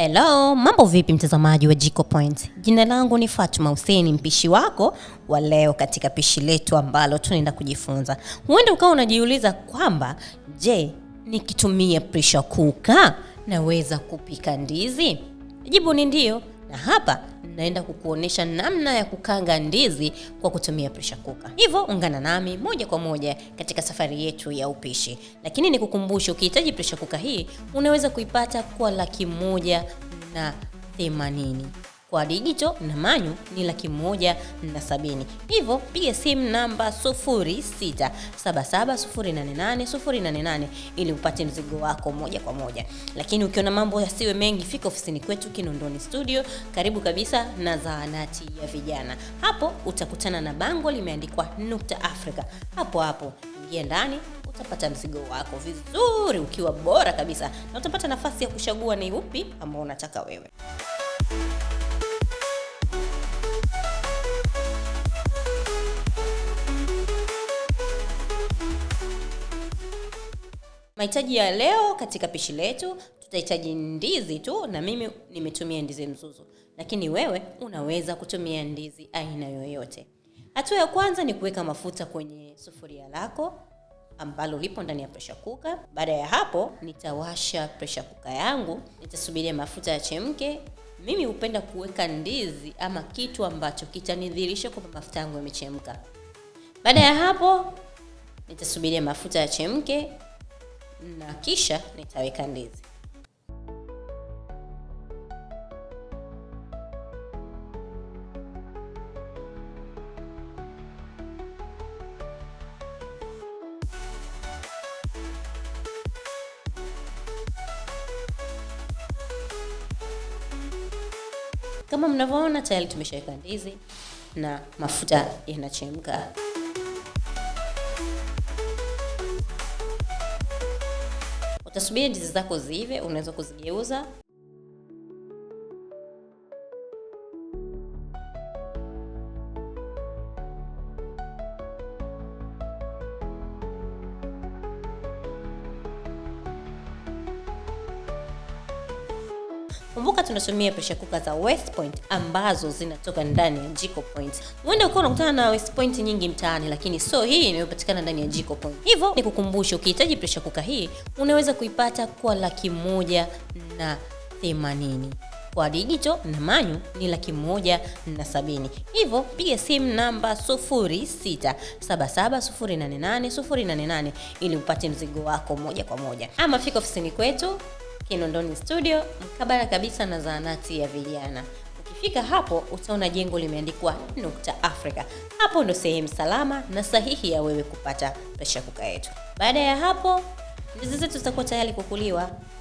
Hello, mambo vipi mtazamaji wa Jiko Point? Jina langu ni Fatuma Hussein, mpishi wako wa leo katika pishi letu ambalo tunaenda kujifunza. Huenda ukawa unajiuliza kwamba je, nikitumia pressure cooker naweza kupika ndizi? Jibu ni ndio, na hapa naenda kukuonesha namna ya kukanga ndizi kwa kutumia pressure cooker. Hivyo ungana nami moja kwa moja katika safari yetu ya upishi, lakini nikukumbushe, ukihitaji pressure cooker hii unaweza kuipata kwa laki moja na themanini kwa digito na manyu ni laki moja na sabini. Hivyo piga simu namba 0677088088 ili upate mzigo wako moja kwa moja. Lakini ukiona mambo yasiwe mengi, fika ofisini kwetu Kinondoni Studio, karibu kabisa na zahanati ya vijana. Hapo utakutana na bango limeandikwa Nukta Africa. Hapo hapo ingia ndani utapata mzigo wako vizuri ukiwa bora kabisa, na utapata nafasi ya kuchagua ni upi ambao unataka wewe. mahitaji ya leo katika pishi letu tutahitaji ndizi tu, na mimi nimetumia ndizi mzuzu, lakini wewe unaweza kutumia ndizi aina yoyote. Hatua ya kwanza ni kuweka mafuta kwenye sufuria lako ambalo lipo ndani ya presha kuka Baada ya hapo, nitawasha presha kuka yangu, nitasubiria mafuta yachemke. Mimi hupenda kuweka ndizi ama kitu ambacho kitanidhihirisha kwamba mafuta yangu yamechemka. Baada ya hapo, nitasubiria mafuta yachemke na kisha nitaweka ndizi. Kama mnavyoona tayari tumeshaweka ndizi na mafuta yanachemka. utasubiri ndizi zako ziive, unaweza kuzigeuza Kumbuka tunasomea pressure kuka za West Point ambazo zinatoka ndani ya Jiko Point. Uende uko unakutana na West Point nyingi mtaani, lakini so hii inayopatikana ndani ya Jiko Point. Hivyo nikukumbushe, ukihitaji pressure kuka hii unaweza kuipata kwa laki moja na themanini kwa digito na manyu ni laki moja na sabini. Hivyo piga simu namba 0677088088 ili upate mzigo wako moja kwa moja, ama fika ofisini kwetu Kinondoni Studio, mkabala kabisa na zahanati ya vijana. Ukifika hapo utaona jengo limeandikwa Nukta Africa. Hapo ndo sehemu salama na sahihi ya wewe kupata pashakuka yetu. Baada ya hapo ndizi zetu zitakuwa tayari kukuliwa.